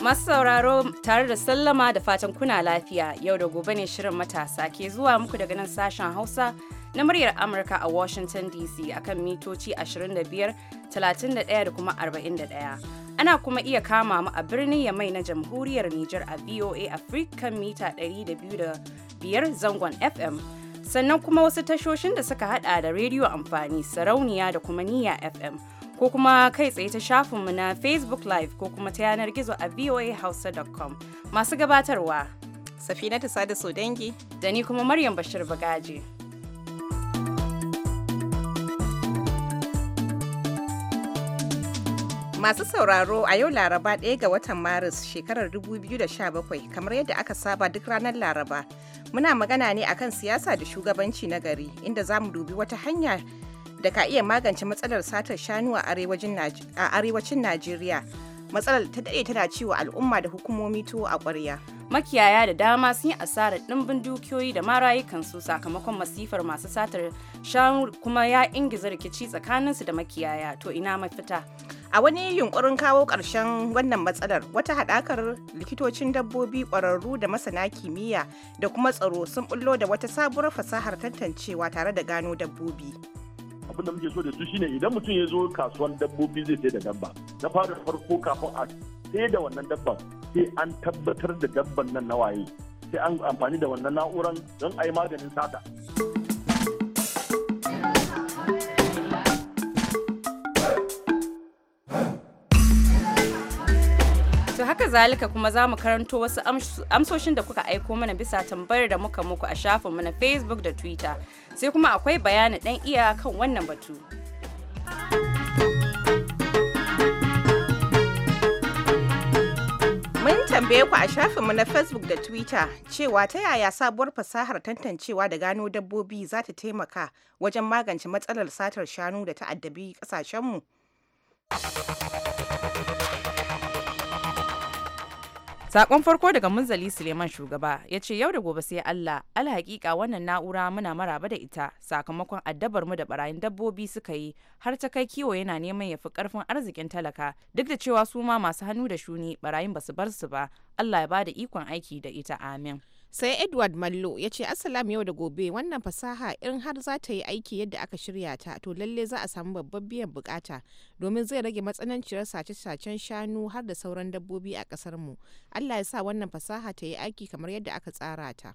Masu sauraro tare da sallama da fatan kuna lafiya yau da gobe ne shirin matasa ke zuwa muku daga nan sashen Hausa na muryar Amurka a Washington DC akan mitoci 25, 31 da kuma 41. Ana kuma iya kama mu a birnin ya mai na Jamhuriyar Nijar a VOA Africa mita 205 zangon FM. Sannan kuma wasu tashoshin da suka hada da rediyo amfani sarauniya da kuma niya FM. ko kuma kai tsaye ta shafinmu na Facebook Live ko kuma ta yanar gizo a voahausa.com. Masu gabatarwa. Safina ta sada dangi. Da ni kuma Maryam Bashir Bagaji. Masu sauraro a yau Laraba ɗaya ga watan Maris shekarar 2017 kamar yadda aka saba duk ranar Laraba. Muna magana ne akan siyasa da shugabanci na gari inda za mu dubi wata hanya da ka iya magance matsalar satar shanu a arewacin Najeriya. Matsalar ta daɗe tana ciwo al'umma da hukumomi tuwo a ƙwarya. Makiyaya da dama sun yi asarar ɗimbin dukiyoyi da marayukansu sakamakon masifar masu satar shanu kuma ya ingiza rikici tsakaninsu da makiyaya to ina mafita. A wani yunkurin kawo ƙarshen wannan matsalar wata haɗakar likitocin dabbobi ƙwararru da masana kimiyya da kuma tsaro sun bullo da wata sabuwar fasahar tantancewa tare da gano dabbobi. abin da muke so da su shine idan mutum ya zo kasuwan dabbobi zai sai da dabba na fara farko kafin a sai da wannan dabban sai an tabbatar da dabban nan na waye sai an amfani da wannan na'uran don a yi maganin sata. haka zalika kuma za mu karanto wasu amsoshin da kuka aiko mana bisa tambayar da muka muku a shafinmu na facebook da twitter sai kuma akwai bayani ɗan iya kan wannan batu. Mun tambaye ku a shafin mu na Facebook da Twitter cewa ta yaya sabuwar fasahar tantancewa da gano dabbobi za ta taimaka wajen magance matsalar satar shanu da ta'addabi kasashenmu. Sakon farko daga Munzali Suleiman shugaba ya ce yau da gobe sai Allah alhaƙiƙa wannan na'ura muna maraba da ita sakamakon addabar mu da barayin dabbobi suka yi har ta kai kiwo yana neman ya fi karfin arzikin talaka duk da cewa su ma masu hannu da shuni barayin basu bar su ba Allah ya bada ikon aiki da ita amin. sai edward mallo ya ce assalam yau da gobe wannan fasaha in har za ta yi aiki yadda aka shirya ta to lalle za a samu babban biyan bukata domin zai rage matsananciyar sace-sacen shanu har da sauran dabbobi a kasar mu allah ya sa wannan fasaha ta yi aiki kamar yadda aka tsara ta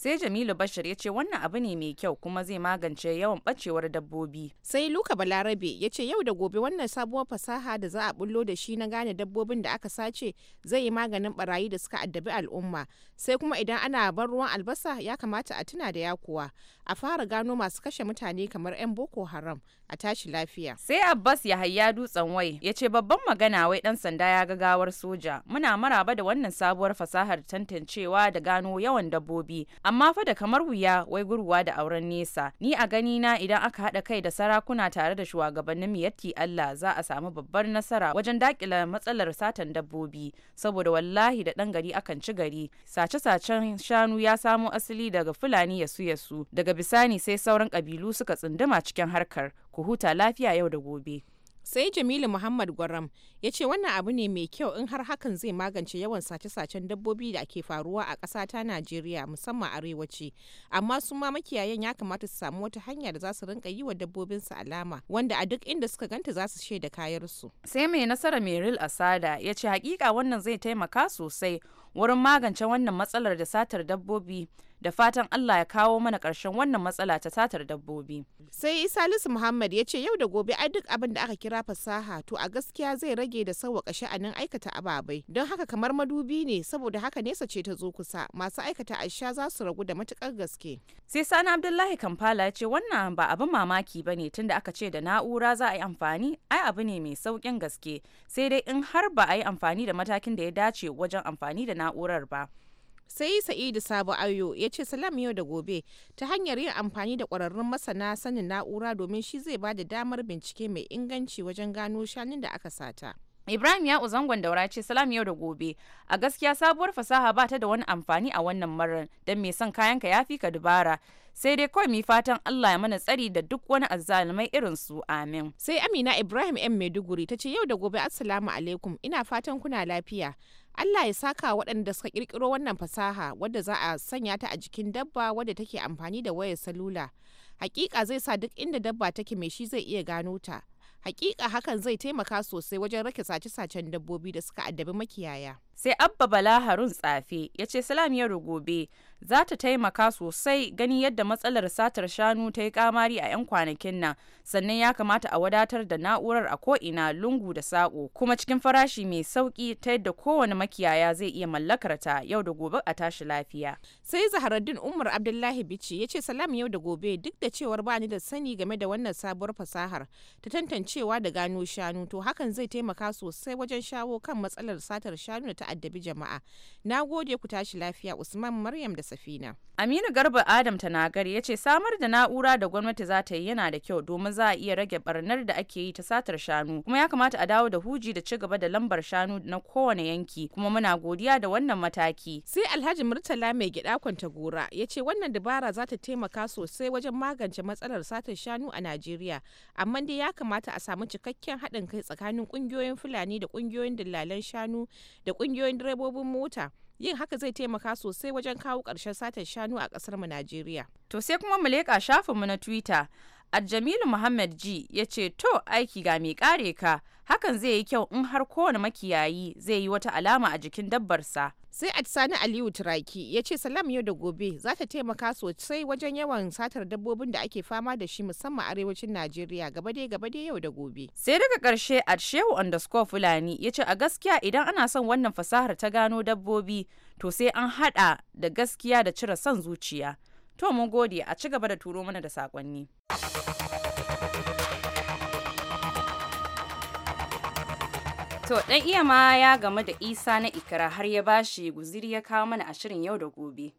sai jamilu bashir ya ce wannan abu ne mai kyau kuma zai magance yawan bacewar dabbobi sai luka balarabe ya ce yau da gobe wannan sabuwar fasaha da za a bullo da shi na gane dabbobin da aka sace zai yi maganin barayi da suka addabi al'umma sai kuma idan ana bar ruwan albasa ya kamata a tuna da yakuwa a fara gano masu kashe mutane kamar 'yan boko haram a tashi lafiya. Sai Abbas ya hayya Dutsen wai ya ce babban magana wai dan sanda ya ga gawar soja. Muna maraba da wannan sabuwar fasahar tantancewa da gano yawan dabbobi amma fa da kamar wuya wai gurwa da auren nesa. Ni a gani na idan aka haɗa kai da sarakuna tare da shugabannin miyatti Allah za a samu babbar nasara wajen dakila matsalar satan dabbobi saboda wallahi da ɗan gari akan ci gari. Sace-sacen shanu ya samo asali daga Fulani yasu-yasu daga bisani sai sauran ƙabilu suka tsunduma cikin harkar ku huta lafiya yau da gobe. sai jamilu muhammad gwaram ya ce wannan abu ne mai kyau in har hakan zai magance yawan sace-sacen dabbobi da ke faruwa a ƙasa ta najeriya musamman arewaci amma su ma makiyayan ya kamata su samu wata hanya da za su rinka yi wa dabbobinsu alama wanda a duk inda suka ganta za su shaida kayarsu sai mai nasara meril asada ya ce hakika wannan zai taimaka sosai wurin magance wannan matsalar da satar dabbobi da fatan Allah ya kawo mana ƙarshen wannan matsala ta satar dabbobi. Sai Salisu Muhammad ya ce yau da gobe ai duk abin da aka kira fasaha to a gaskiya zai rage da sauwaƙa sha'anin aikata ababai don haka kamar madubi ne saboda haka nesa ce ta zo kusa masu aikata aisha za su ragu da matuƙar gaske. Sai Sani Abdullahi Kamfala ya ce wannan ba abin mamaki ba ne tunda aka ce da na'ura za a yi amfani ai abu ne mai saukin gaske sai dai in har ba a yi amfani da matakin da ya dace wajen amfani da na'urar ba. sai yi sa'idu sabo ayo ya ce salam yau da gobe ta hanyar yin amfani da kwararrun masana sanin na'ura domin shi zai ba da damar bincike mai inganci wajen gano shanun da aka sata Ibrahim ya uzangon daura ce salam yau da gobe a gaskiya sabuwar fasaha ba ta da wani amfani a wannan marar don mai son kayanka ya fi ka dubara sai dai kawai mu fatan Allah ya mana tsari da duk wani azzalumai irin su amin sai Amina Ibrahim yan Maiduguri ta ce yau da gobe assalamu alaikum ina fatan kuna lafiya Allah ya saka waɗanda suka ƙirƙiro wannan fasaha wadda za a sanya ta a jikin dabba wadda take amfani da wayar salula. Hakika zai sa duk inda dabba take mai shi zai iya gano ta. Hakika hakan zai taimaka sosai wajen rake sace-sacen dabbobi da suka addabi makiyaya. Sai Abba Bala Harun Tsafe ya ce salam yau gobe za ta taimaka sosai gani yadda matsalar satar shanu ta yi kamari a 'yan kwanakin nan sannan ya kamata a wadatar da na'urar a ko'ina lungu da saƙo kuma cikin farashi mai sauki ta yadda kowane makiyaya zai iya mallakar ta yau da gobe a tashi lafiya. sai zaharaddin umar abdullahi bici ya ce salam yau da gobe duk da cewar bani da sani game da wannan sabuwar fasahar ta tantancewa da gano shanu to hakan zai taimaka sosai wajen shawo kan matsalar satar shanu da ta'addabi jama'a na gode ku tashi lafiya usman maryam da safina aminu garba adam tanagari ya ce samar da na'ura da gwamnati za ta yi yana da kyau domin za a iya rage barnar da ake yi ta satar shanu kuma ya kamata a dawo da huji da ci gaba da lambar shanu na kowane yanki kuma muna godiya da wannan mataki sai alhaji murtala mai gida kwanta gora ya ce wannan dabara za ta taimaka sosai wajen magance matsalar satar shanu a najeriya amma dai ya kamata a samu cikakken haɗin kai tsakanin ƙungiyoyin fulani da ƙungiyoyin dillalan shanu da ƙungiyoyin direbobin mota yin haka zai taimaka sosai wajen kawo ƙarshen satar shanu a ƙasar mu Najeriya. To sai kuma mu leƙa shafinmu na Twitter adjamilu Muhammad ji ya ce to aiki ga mai kare ka hakan zai yi kyau in har kowane makiyayi zai yi wata alama a jikin dabbarsa. Sai Sani Aliyu Turaki ya ce salam yau da gobe za ta taimaka sosai wajen yawan satar dabbobin da ake fama da shi musamman arewacin Najeriya gaba dai yau da gobe. Sai daga karshe a Shehu underscore Fulani ya ce a gaskiya idan ana son wannan fasahar ta gano dabbobi to sai an hada da gaskiya da cire son zuciya. To mun gode a ci gaba da turo mana da sakonni. To ɗan iya ma ya game da Isa na ikira har ya bashi guziri ya kawo mana a shirin yau da gobe.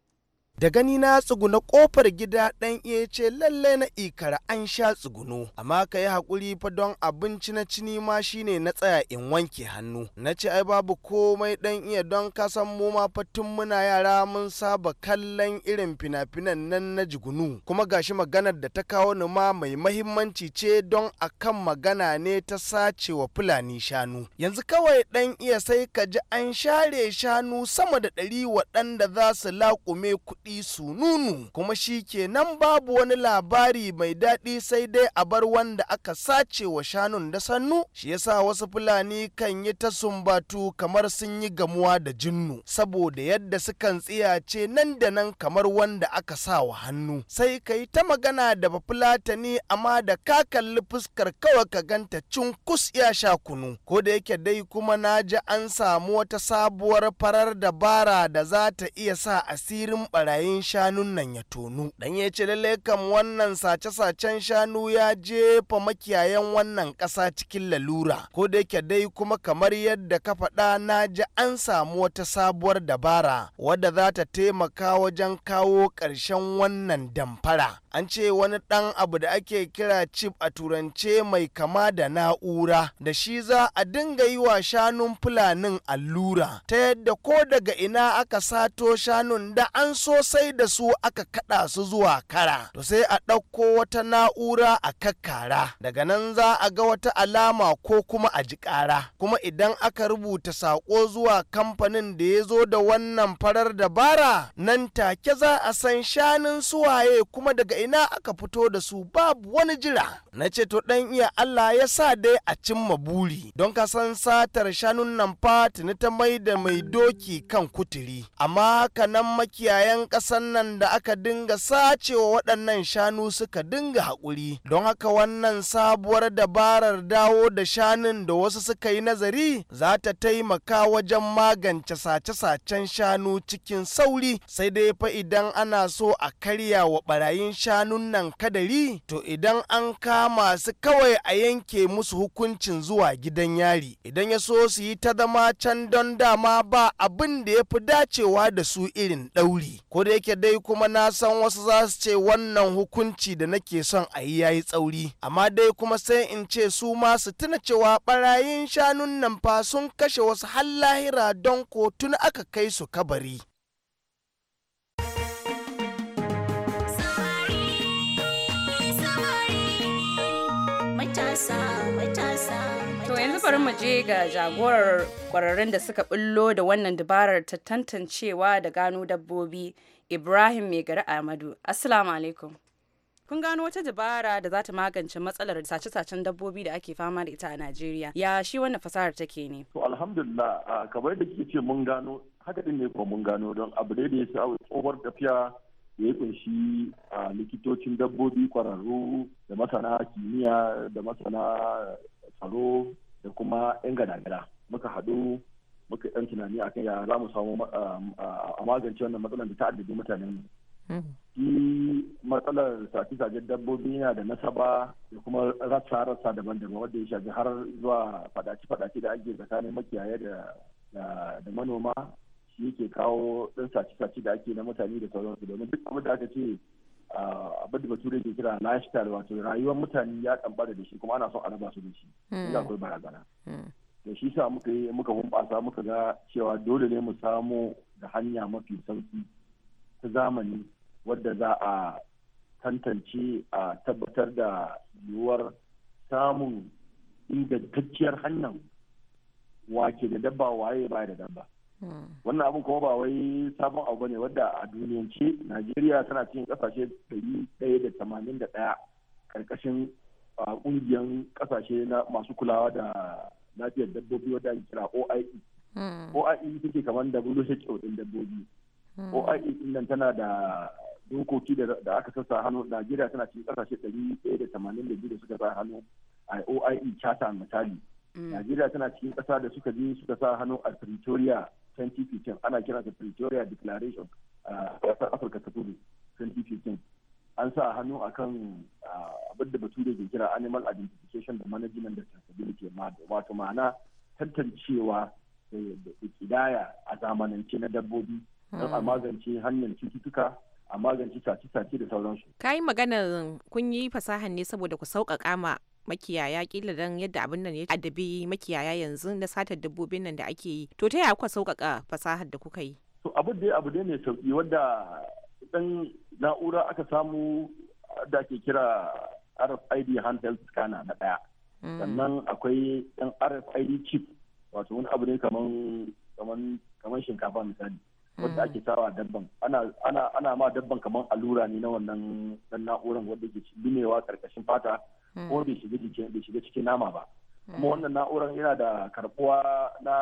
da gani na tsuguna kofar gida ɗan iya ce lalle na ikara an sha tsuguno amma ka yi haƙuri fa don abinci na cini ma shine na tsaya in wanke hannu na ce ai babu komai dan iya don kasan mu ma fa tun muna yara mun saba kallon irin fina-finan nan na jigunu kuma gashi maganar da ta kawo ni ma mai mahimmanci ce don a kan magana ne ta sace wa fulani shanu yanzu kawai ɗan iya sai ka ji an share shanu sama da ɗari waɗanda za su laƙume kuɗi su nunu kuma shi kenan babu wani labari mai daɗi sai dai a bar wanda aka sace wa shanun da sannu shi yasa wasu fulani kan yi ta sumbatu kamar sun yi gamuwa da jinnu saboda yadda sukan tsiyace nan da nan kamar wanda aka sa wa hannu sai ka yi ta magana da bafulatani amma da ka kalli fuskar kawai ka ganta cin kus ya sha kunu ko da yake dai kuma na ji an samu wata sabuwar farar dabara da za ta iya sa asirin barayi yayin shanun nan ya tonu dan ya ce lalle kam wannan sace-sacen shanu ya jefa makiyayan wannan ƙasa cikin lalura ko da yake dai kuma kamar yadda ka faɗa na ji an samu wata sabuwar dabara wadda za ta taimaka wajen kawo ƙarshen wannan damfara an ce wani ɗan abu da ake kira chip a turance mai kama da na'ura da shi za a dinga yi wa shanun fulanin allura ta yadda ko daga ina aka sato shanun da an so sai da su aka kada su zuwa kara to sai a ɗauko wata na'ura a kakkara daga nan za a ga wata alama ko kuma a ji kara kuma idan aka rubuta saƙo zuwa kamfanin da ya zo da wannan farar dabara nan take za a san shanin suwaye kuma daga ina aka fito da su babu wani jira na ce to ɗan iya Allah ya sa dai a cimma buri don ka san satar shanun nan fa tuni ta mai da mai doki kan kuturi amma haka nan makiyayan ƙasan nan da aka dinga sacewa waɗannan shanu suka dinga haƙuri don haka wannan sabuwar dabarar dawo da shanun da wasu suka yi nazari za ta taimaka wajen magance sace-sacen shanu cikin sauri sai dai fa idan ana so a karya wa ɓarayin shanun nan kadari to idan an kama kama su kawai a yanke musu hukuncin zuwa gidan yari idan ya so su yi ta zama can don dama ba abin da ya fi dacewa da su irin ɗauri ko da yake dai kuma na san wasu za su ce wannan hukunci da nake son a yi yayi tsauri amma dai kuma sai in ce su ma su tuna cewa barayin shanun nan fa sun kashe wasu har lahira don ko tun aka kai su kabari To yanzu bari mu je ga jagorar kwararrun da suka bullo da wannan dabarar ta tantancewa da gano dabbobi Ibrahim Mai gari Ahmadu. Assalamu alaikum. kun gano wata dabara da za ta magance matsalar sace-sacen dabbobi da ake fama da ita a Najeriya ya shi wannan fasahar take ne to alhamdulillah kamar da ke ce mun gano haka ne kuma mun gano don abu ne da ya sa tsohuwar tafiya ya kunshi a likitocin dabbobi kwararru da masana kimiyya da masana tsaro da kuma 'yan gada-gada muka haɗu muka ɗan tunani a kan ya za mu samu a magance wannan matsalar da ta addabi mutanen hmm. shi matsalar sace-sacen dabbobi yana da nasaba da kuma rassa-rassa daban-daban wanda ya shafi har zuwa faɗace faɗace da ake tsakanin makiyaya da manoma yake kawo ɗan sace-sace da ake na mutane da sauransu domin duk abin da aka ce abin da bature ke kira lifestyle wato rayuwar mutane ya kambara da shi kuma ana son a raba su da shi hmm. inda akwai barazana da hmm. shi sa muka yi muka bunƙasa muka ga cewa dole ne mu samo da hanya mafi sauki ta zamani wadda za a tantance a tabbatar da yiwuwar samun ingantacciyar hanyar wake da dabba waye baya da dabba wannan abin kuma ba wai sabon abu bane wadda a duniyance najeriya tana cikin kasashe dari daya da tamanin da daya karkashin kungiyan kasashe na masu kulawa da lafiyar dabbobi wadda ake kira oie oie take kamar da bulo shekau din dabbobi oie din nan tana da dokoki da aka sassa hannu najeriya tana cikin kasashe dari daya da tamanin da biyu da suka sa hannu a oie charter misali mm. najeriya tana cikin kasa da suka je suka sa hannu a pretoria 2015 ana kira ta Pretoria Declaration uh, a ƙasar Afirka ta Kudu 2015 an sa hannu akan uh, abin da bature ke kira animal identification da management da traceability wato ma'ana tantancewa da kidaya a zamanance na dabbobi don a hmm. magance hanyar cututtuka a magance sace-sace da sauransu. Ka yi maganar kun yi fasahan ne saboda ku sauƙaƙa ma makiyaya kila dan yadda abin nan ya adabi makiyaya yanzu na satar dabbobin nan da ake yi to ta yaya kuka sauƙaƙa fasahar da kuka yi to abu da abu ne mai sauƙi wanda dan na'ura aka samu da ke kira RFID handheld scanner na ɗaya mm. sannan akwai ɗan RFID chip wato wani abu ne kaman kaman shinkafa misali wanda mm. ake sawa dabban ana ma dabban kaman allura ne na wannan dan na'uran wanda ke binewa karkashin fata Hmm. ko bai shiga jikin bai shiga cikin nama ba hmm. kuma wannan na'urar yana da karbuwa na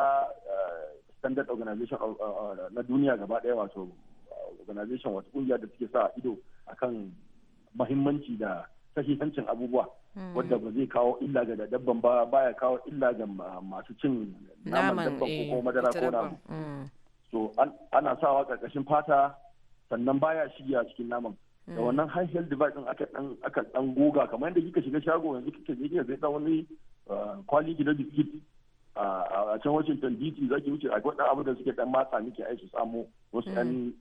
eh, standard organization eh, eh, na duniya gaba daya wato organization wasu kungiya da suke sa ido akan mahimmanci da sahihancin abubuwa hmm. wadda ba zai kawo illa ga dabban ba baya kawo illa ga masu cin naman dabban ko madara ko so ana sawa karkashin fata sannan baya shigiya cikin naman Mm. da wannan handheld device din aka dan goga kamar yadda kika shiga shago yanzu kika je kika wani kwali uh, na biskit uh, a can Washington DC za ki wuce a wadannan abu da suke dan matsa miki ai su samu wasu dan mm.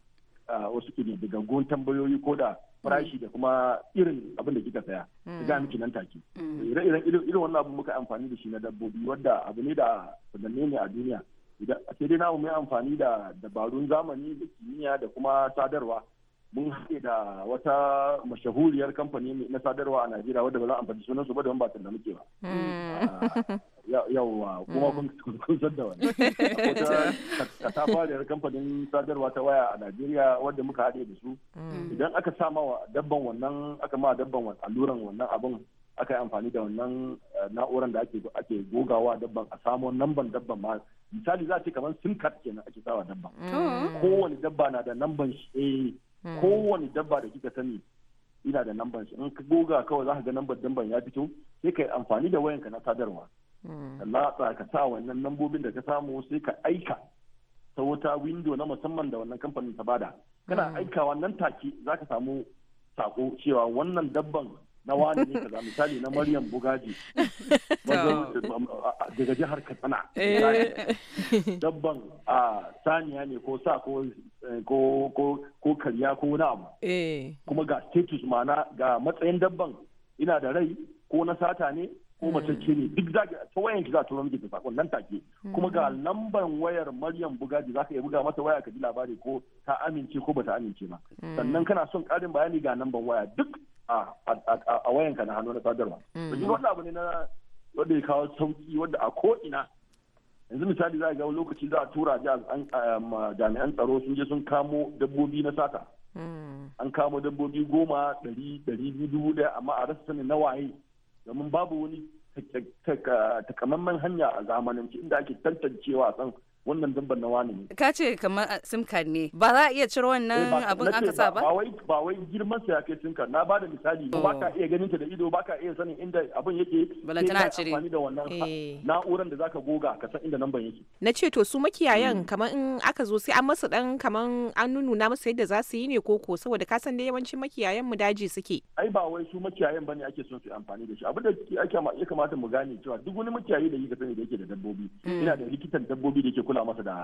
uh, wasu gangon tambayoyi ko da farashi da kuma irin abin da kika saya mm. ga miki nan take ire-iren irin wannan abu muka amfani da shi na dabbobi wanda abu ne da sananne ne a duniya sai dai namu mai amfani da dabarun zamani da kimiyya da kuma sadarwa mun haɗe da wata mashahuriyar kamfani na sadarwa a Najeriya wadda ba za a amfani sunansu ba wani ba da muke ba. Hmm. Ah, Yawwa kuma hmm. kun san da wani. ta fariyar kamfanin sadarwa ta waya a Najeriya wadda muka haɗe da su. Hmm. Idan aka sa ma dabban wannan aka ma dabban alluran wannan abin aka yi amfani da wannan eh, na'uran da ake gogawa dabban a samo namban dabban ma misali za a ce kamar sim card kenan ake sawa dabban kowane dabba na da namban shi eh, Hmm. kowane dabba da kika sani ina da namban shi in ka goga kawai za ka ga namban dabban ya fito sai ka yi amfani da wayanka na sadarwa hmm. latsa ka sa wannan lambobin da ka samu sai ka aika ta wata window na musamman da wannan kamfanin ta bada kana hmm. aikawa nan take za ka samu sako cewa wannan dabban na wani ne kaza misali na maryam bugaji um, uh, uh, daga jihar katsina eh. dabban a saniya ne ko sa ko eh, karya ko wani abu eh. kuma ga status mana ga matsayin dabban ina da rai ko na sata ne ko hmm. matacce ne duk za ta wayan ki za ta miki tafa sakon nan take kuma ga hmm. lamban wayar Maryam Bugaji za ka iya buga mata waya ka ji labari ko ta amince ko ba ta amince ba hmm. sannan kana son karin bayani ga lamban waya duk a wayanka na hannu na sadarwa mm. to wannan abu ne na wanda ya kawo sauki wadda a ko'ina. yanzu misali za a ga lokaci za a tura jami'an um, tsaro sun je sun kamo dabbobi na sata mm. an kamo dabbobi goma ɗari ɗari biyu dubu ɗaya amma a rasa ne na waye domin babu wani takamaiman hanya a zamanance inda ake tantancewa san wannan damban na wani ne ka ce kamar ah, sim card ne ba za a iya ciro wannan eh, abin aka sa ba ba wai girman sa ya kai sim na ba da misali ba ka oh. iya ganin ta da ido ba ka iya sanin inda abin yake balantana a cire amfani da wannan eh. na'uran da ka goga ka san inda namban yake na ce to su makiyayan hmm. kamar in aka zo sai an masa dan kamar an nununa masa yadda za su yi ne koko saboda ka san da yawancin makiyayan mu daji suke ai ba wai su makiyayan bane ake son su amfani da shi abin da ya kamata mu gane cewa duk wani makiyayi da yake sani da yake da dabbobi hmm. ina da likitan dabbobi da yake kula masa da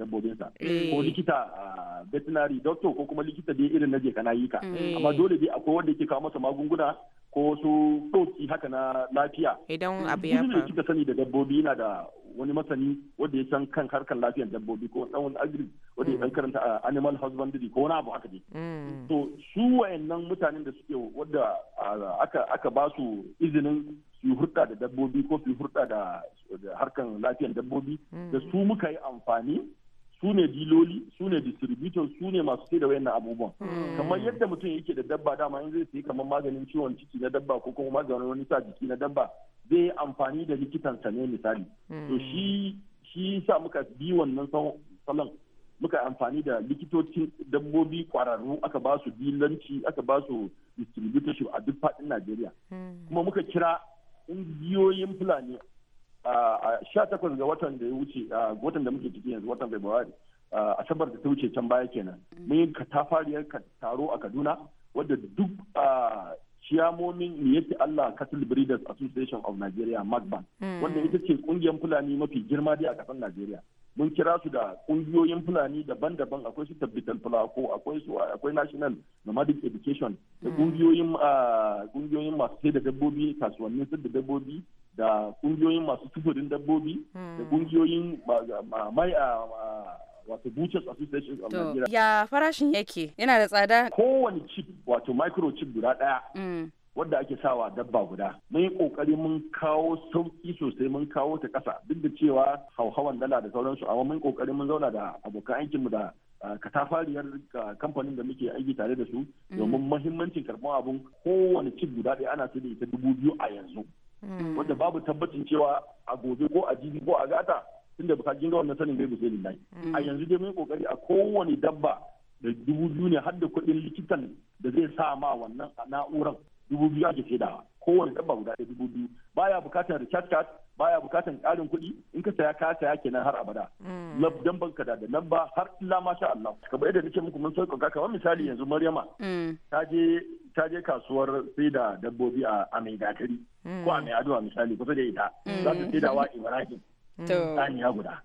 dabbobinsa eh. ko likita veterinary doctor ko kuma likita dai irin na je kana yi ka eh. amma dole dai akwai wanda yake kawo masa magunguna ko su ɗoki haka na lafiya idan eh, abu ya faru kika sani da dabbobi yana da wani masani wanda ya san kan harkar lafiyar dabbobi ko dan wani agri wanda ya mm. karanta a animal husbandry ko wani abu haka dai mm. to su wayannan mutanen da suke wanda aka aka ba su izinin fi hurɗa da dabbobi ko fi da harkan lafiyar dabbobi hmm. da su muka yi amfani su ne diloli su ne distributors su ne masu sai da wayannan abubuwan hmm. kamar yadda mutum yake da dabba dama in zai sayi kamar maganin ciwon ciki na dabba ko kuma maganin wani sa jiki na dabba zai yi amfani da likitansa ne misali to hmm. shi shi sa muka bi wannan salon muka amfani da likitocin dabbobi kwararru aka ba su dilanci aka ba su distributorship a duk faɗin Najeriya kuma muka kira ƙungiyoyin fulani a sha takwas ga watan da ya wuce watan da muke ciki yanzu watan a asabar da ta wuce can baya kenan mm. mun yi katafariyar taro a kaduna wadda duk ciyamomin niyyati Allah Cattle Breeders Association of Nigeria MAGBAN mm. wanda ita ce kungiyar Fulani mafi girma dai a kasar nigeria. mun kira su da kungiyoyin fulani daban-daban akwai su tabbital fulako akwai su akwai national nomadic education da kungiyoyin hmm. kungiyoyin ah, masu sai da dabbobi kasuwannin sai da dabbobi da kungiyoyin masu tufurin dabbobi da kungiyoyin hmm. mai ah, ah, wato butchers association of Nigeria ya farashin yake yana da tsada kowane chip wato microchip guda daya hmm. wadda ake sawa dabba guda mun yi kokari mun kawo sauki sosai mun kawo ta kasa duk da cewa hauhawan dala da sauransu amma mun kokari mun zauna da abokan mu da ah, katafariyar ah, kamfanin da muke aiki tare da su mm. domin muhimmancin karɓar abun kowane cin guda ɗaya ana sai da ita dubu biyu a yanzu mm. wanda babu tabbacin cewa a gobe ko a jibi ko a gata tunda ba ka ga wannan sanin gaibu sai lillahi mm. a yanzu dai mun kokari a kowane dabba da dubu biyu ne har da kuɗin likitan da zai sa ma wannan na'urar dubu biyu ake saidawa kowane dabba guda ɗaya dubu biyu baya bukatar recharge card baya bukatar ƙarin kuɗi in ka saya ka saya kenan har abada mm. dan banka da nan ba har illa masha Allah bai da nake muku mun sauƙaƙa kamar misali yanzu Maryama mm. ta je ta je kasuwar sai da dabbobi a mai gatari mm. ko a mai aduwa misali kusa da ita za ta sai da wa Ibrahim ya guda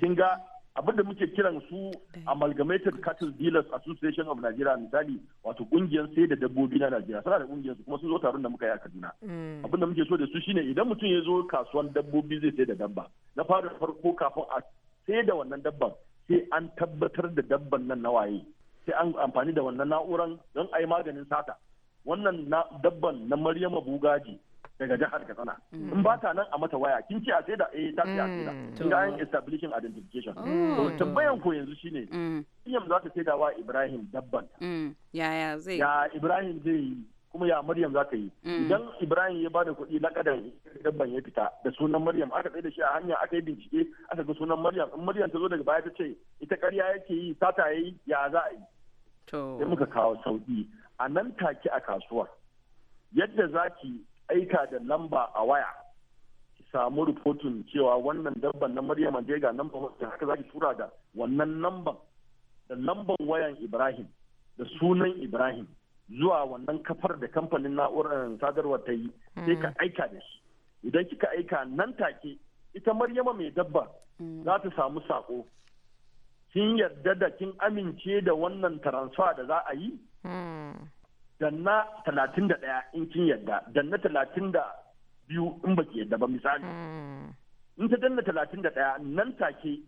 kin ga abinda muke kiran su amalgamated cattle dealers association of nigeria misali wato kungiyar sai da dabbobi na nigeria suna da kungiyar su kuma sun zo taron da muka yi a kaduna mm. abinda muke so da su shine idan mutum ya zo kasuwan dabbobi zai sai da dabba na fara farko kafin a sai da wannan dabban sai an tabbatar da dabban nan na waye sai an amfani da wannan na'uran don a yi maganin sata wannan dabban na maryama bugaji daga jihar katsina mm. in ba ta nan a mata waya kin ce a sai da eh ta ce a mm. sai da kin ga yin establishing identification oh. to tambayan ko yanzu shine Maryam mm. za ta sai da wa Ibrahim dabban yaya zai ya Ibrahim zai yi kuma ya Maryam za ta yi idan Ibrahim ya bada kuɗi kadan dabban ya fita da sunan Maryam aka tsaye da shi a hanya aka yi bincike aka ga sunan Maryam in Maryam ta zo daga baya ta ce ita ƙarya yake yi sata yayi ya za a yi to sai muka kawo sauki a nan take a kasuwar yadda zaki aika da lamba a waya ki samu rubutun cewa wannan dabban na maryama je ga namban wajen haka zaki tura da wannan lamban, da lamban wayan ibrahim da sunan ibrahim zuwa wannan kafar da kamfanin na'urar sadarwar ta yi sai ka hmm. aika da shi idan kika aika nan take ita maryama mai dabba hmm. za ta samu sako kin yarda da kin amince da wannan transfer da za a yi hmm. danna talatin da ɗaya in kin yadda danna talatin da biyu in ba ki yadda ba misali hmm. in ta danna talatin da ɗaya nan take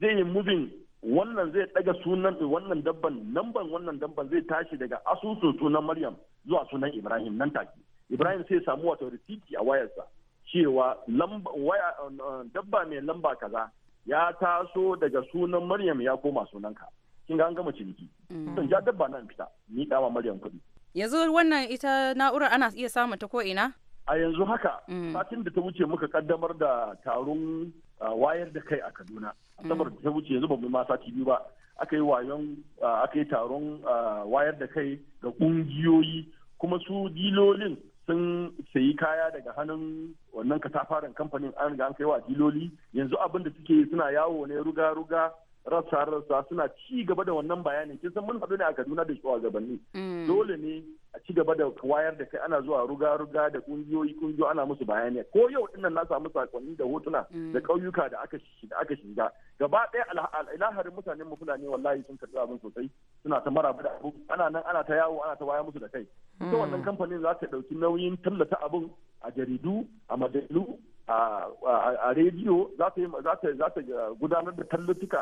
zai yi mubin wannan zai ɗaga sunan wannan dabban namban wannan dabban zai tashi daga asusun sunan maryam zuwa sunan ibrahim nan take ibrahim sai samu wato risiti a wayarsa cewa dabba mai lamba kaza ya taso daga sunan maryam ya koma sunanka kin ga an gama ciniki don hmm. ja dabba nan fita ni dawa maryam kuɗi yanzu wannan ita na'urar ana iya samun ta ko ina a yanzu haka mm. satin da ta wuce muka kaddamar da taron wayar da kai a kaduna asabar mm. da ta wuce yanzu ba mu ma sati biyu ba aka yi wayon aka yi taron wayar da kai ga kungiyoyi kuma su dilolin sun sayi kaya daga hannun wannan katafaren kamfanin an ga an kai wa diloli yanzu abin da suke suna yawo ne ruga-ruga rasa-rasa suna ci gaba da wannan bayanin kin san mun haɗu ne a Kaduna da shugabanni mm. dole ne a ci gaba da wayar da kai ana zuwa ruga-ruga da kungiyoyi kungiyo ana musu bayani ko yau nan na samu sakonni da hotuna mm. da ƙauyuka da aka da aka shiga gaba ɗaya al'aharin mutanen mu fulani wallahi sun karɓi abin sosai suna ta maraba da abu ana nan ana ta yawo ana ta waya musu da kai to mm. wannan kamfanin za ta ɗauki nauyin tallata abun a jaridu a majalu a rediyo za ta gudanar da tallutuka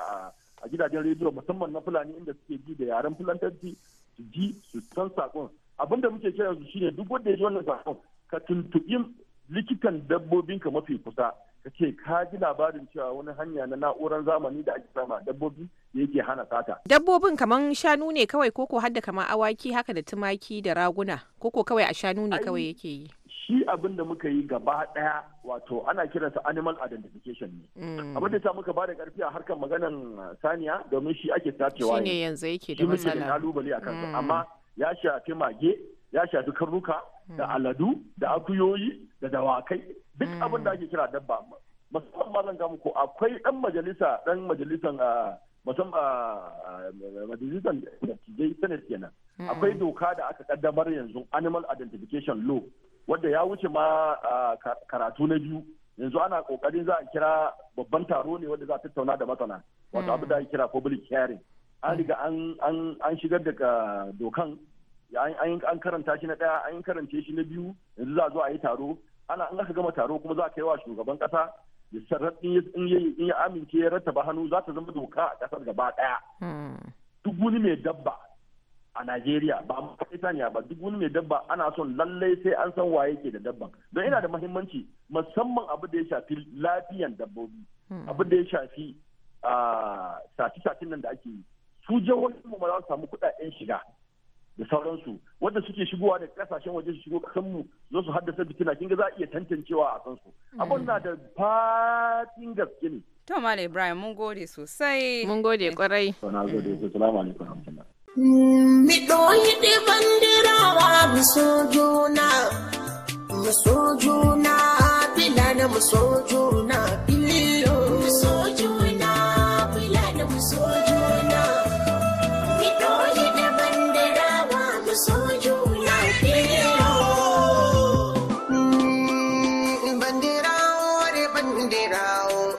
a gidajen rediyo musamman na fulani inda suke ji da yaren fulantarci su ji su san sakon abinda muke kira yanzu shine duk wanda ya ji wannan sakon ka tuntuɓi likitan dabbobinka mafi kusa ka ce ka ji labarin cewa wani hanya na na'urar zamani da ake sama dabbobi da yake hana sata. Dabbobin kaman shanu ne kawai koko hadda kamar awaki haka da tumaki da raguna koko kawai a shanu ne kawai yake yi. shi abin da muka yi gaba daya wato ana kiransa animal identification ne mm. abin da ta muka bada karfi a harkar maganan uh, saniya domin shi ake tacewa ne yanzu yake da matsala kalubale a kansa mm. amma ya shafi mage ya shafi karnuka da mm. aladu da akuyoyi da dawakai duk abin da ake kira dabba musamman ma zan ga muku akwai dan majalisa dan majalisan uh, musamman uh, majalisan da kenan akwai doka da aka kaddamar yanzu animal identification law wanda ya wuce ma karatu na biyu yanzu ana kokarin za a kira babban taro ne wanda za a tattauna da masana wato hmm. abu da ake kira public hearing an riga an shigar da dokan an karanta shi na daya an karance shi na biyu yanzu za a zo a yi taro ana an aka gama taro kuma za a kai wa shugaban kasa ya in ya amince ya rattaba hannu za ta zama doka a kasar gaba daya hmm. duk wani mai dabba a Najeriya ba mu kai saniya ba duk wani mai dabba ana son lallai sai an san waye ke da dabban don ina da mahimmanci musamman abu da ya shafi lafiyan dabbobi hmm. abu da ya shafi sati-satin nan da ake yi su jihohin mu za su samu kuɗaɗen shiga da sauransu wanda suke shigowa da kasashen waje su shigo kasan mu zo su haddasa kin kinga za a iya tantancewa a kansu hmm. abun na da fatin gaske ne to malam ibrahim mun gode sosai mun gode kwarai to na gode assalamu alaikum Mi ɗoyi ɗi bandirawa mu so juna, mu so juna, bila da mu so juna, juna, bila da juna. bandirawa juna,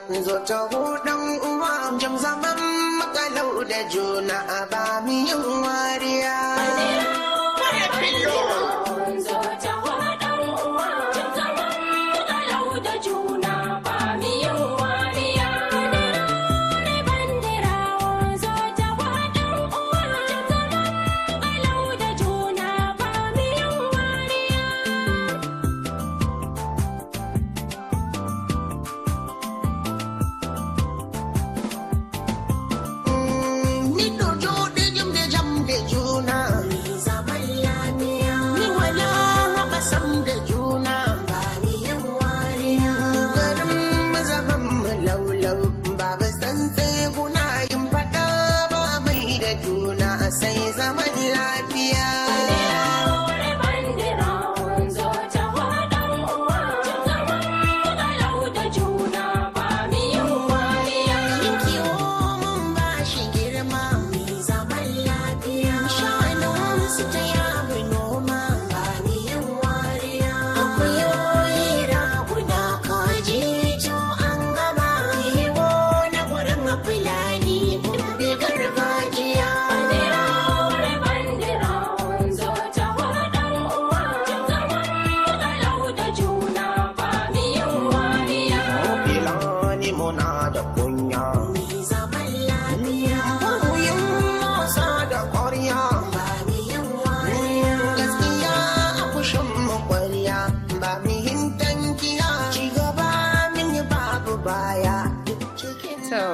mm, zo ta hudan uwa jam zama. da juna a ba mi yin wariya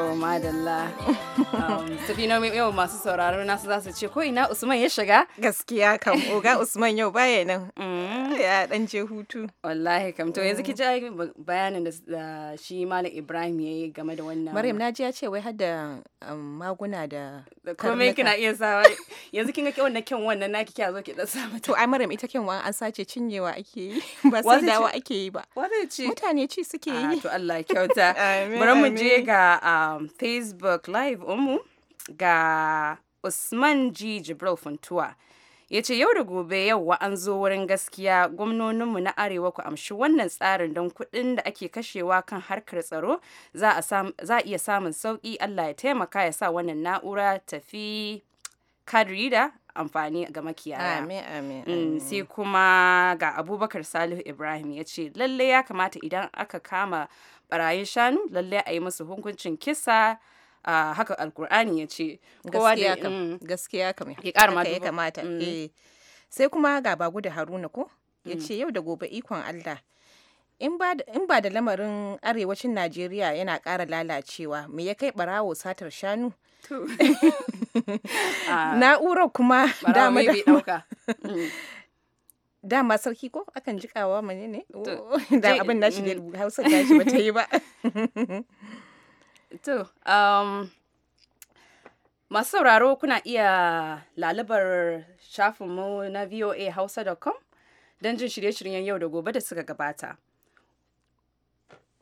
To madalla. Um, nomi yau masu sauraro nasu za su ce ko ina Usman ya shiga? Gaskiya kan oga Usman yau baya nan. Mm. Ya dan je hutu. Wallahi kam to yanzu ki mm. ji bayanin da shi Malam Ibrahim ya yi game da wannan. Maryam na ji ya ce wai um, maguna da maguna da komai kina iya sawa. Yanzu kin ga kyau wannan kyan wannan naki kya zo ki da sa mata. To ai Maryam ita kyan an sace cinyewa ake yi ba sai dawa ake yi ba. Mutane ci suke ah, yi. To Allah kyauta. Bari mu je ga um, Um, facebook live umu ga usman g jibril funtuwa ya ce yau da gobe yau an zo wurin gaskiya gwamnoninmu na arewa ku amshi wannan tsarin don kuɗin da ake kashewa kan harkar tsaro za a iya samun sauƙi allah ya taimaka ya sa wannan na'ura tafi Kadirida ah, amfani ga makiyaya. Amin, amin. Mm, sai kuma ga Abubakar Salihu Ibrahim ya ce, lalle ya kamata idan aka kama barayin shanu, lalle a yi musu hukuncin kisa a ah, haka alkur'ani ya ce. Mm, gaskiya kam. Ya ƙara ya kamata. Mm. Eh. Sai kuma ga Bagu da Haruna ko? Ya ce, yau da gobe ikon Allah. in ba da lamarin arewacin najeriya yana ƙara lalacewa me ya kai barawo satar shanu ah. na'urar kuma dama mm. dama sarki ko akan jikawa mani ne oh, da abin na shi ne mm. hausa ta shi bata yi ba to um, masu sauraro kuna iya lalubar shafinmu na hausa.com don jin shirye-shiryen yau da gobe da suka gabata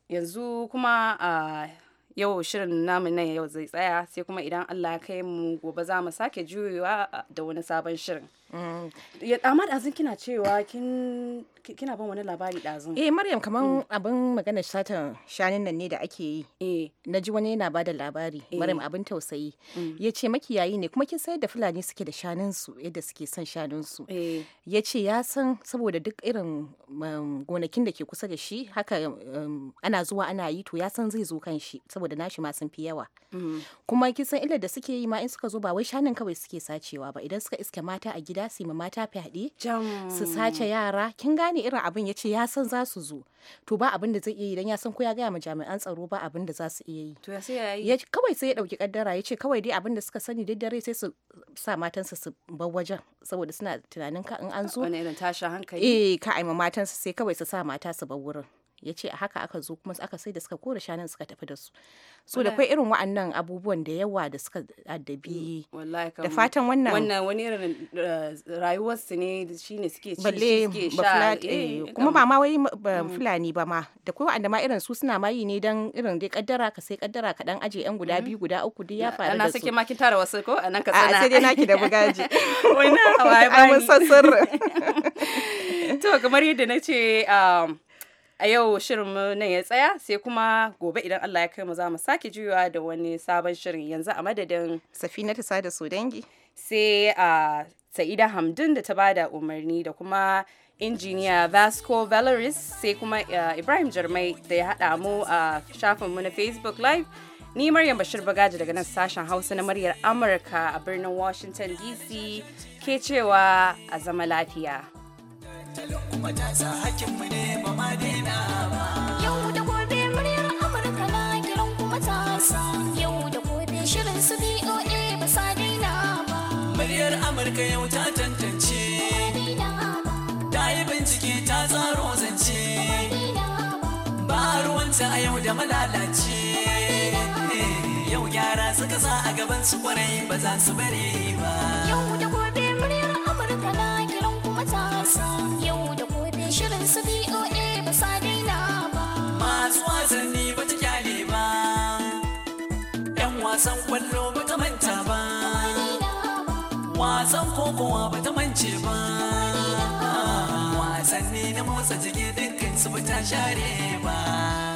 yanzu kuma a yau shirin namu na yau zai tsaya sai kuma idan Allah ya kai mu gobe za mu sake juyewa da wani sabon shirin. Mm. Ahmad da kina cewa kin kina ban wani labari ɗazun eh maryam kamar mm. abin magana satan shanin nan ne da ake yi eh. na ji wani yana bada labari eh. maryam abin tausayi mm. ya ce makiyayi ne kuma kin sayar da fulani suke da shanunsu yadda suke son shanunsu eh. ya ce ya san saboda duk irin um, gonakin da ke kusa da shi haka um, ana zuwa ana yi to ya san zai zo kan shi saboda nashi ma sun fi yawa mm. kuma kin san illar da suke yi ma in suka zo ba wai shanun kawai suke sacewa ba idan suka iske mata a gida su yi ma mata fyaɗe su sace yara kin gane wani irin abin ya ce ya san za su zo to ba abin da zai iya yi dan ya san ko ya gaya ma jami'an tsaro ba abin da za su iya yi to ya sai ya kawai sai ya dauki kaddara ya ce kawai dai abin da suka sani duk dare sai su sa matansa su bar wajen saboda suna tunanin ka in an zo wani irin tashin hankali eh ka aima matansa sai kawai su sa mata su bar wurin ya ce a haka aka zo kuma aka sai da suka kore shanun suka tafi da su so da kwai irin wa'annan abubuwan da yawa da suka addabi mm, da fatan wannan wannan wani irin eh, rayuwar su ne shine suke ci suke sha eh, eh, kuma ba ma wai mm. fulani ba ma da kwai wa'anda ma irin su suna ma yi ne dan irin dai kaddara ka sai kaddara ka dan aje yan guda mm. biyu guda uku duk ya faru da su sake ma kin tara wasu ko anan ka sana a sai dai naki da bugaji wannan hawaye ba ni to kamar yadda nace um a yau shirin mu nan ya tsaya sai kuma gobe idan Allah ya kai mu za mu sake juyawa da wani sabon shirin yanzu a madadin safina ta sada su dangi sai a sa'ida hamdun da ta bada umarni da kuma injiniya vasco valeris sai kuma ibrahim jarmai da ya haɗa mu a shafin mu na facebook live ni maryam bashir bagaji daga nan sashen hausa na muryar amurka a birnin washington dc ke cewa a zama lafiya. madina ba yau da gobe muryar amurka na kiran kuma tasa yau da gobe shirin su ba sa daina ba muryar amurka yau ta tantance ta yi bincike ta tsaro zance ba ruwanta a yau da malalace yau gyara suka sa a gaban su kwarai ba za su bare ba yau da gobe muryar amurka na kiran kuma tasa yau kowa ba ta mance ba wasanni na motsa jiki dukkan su ba ta share ba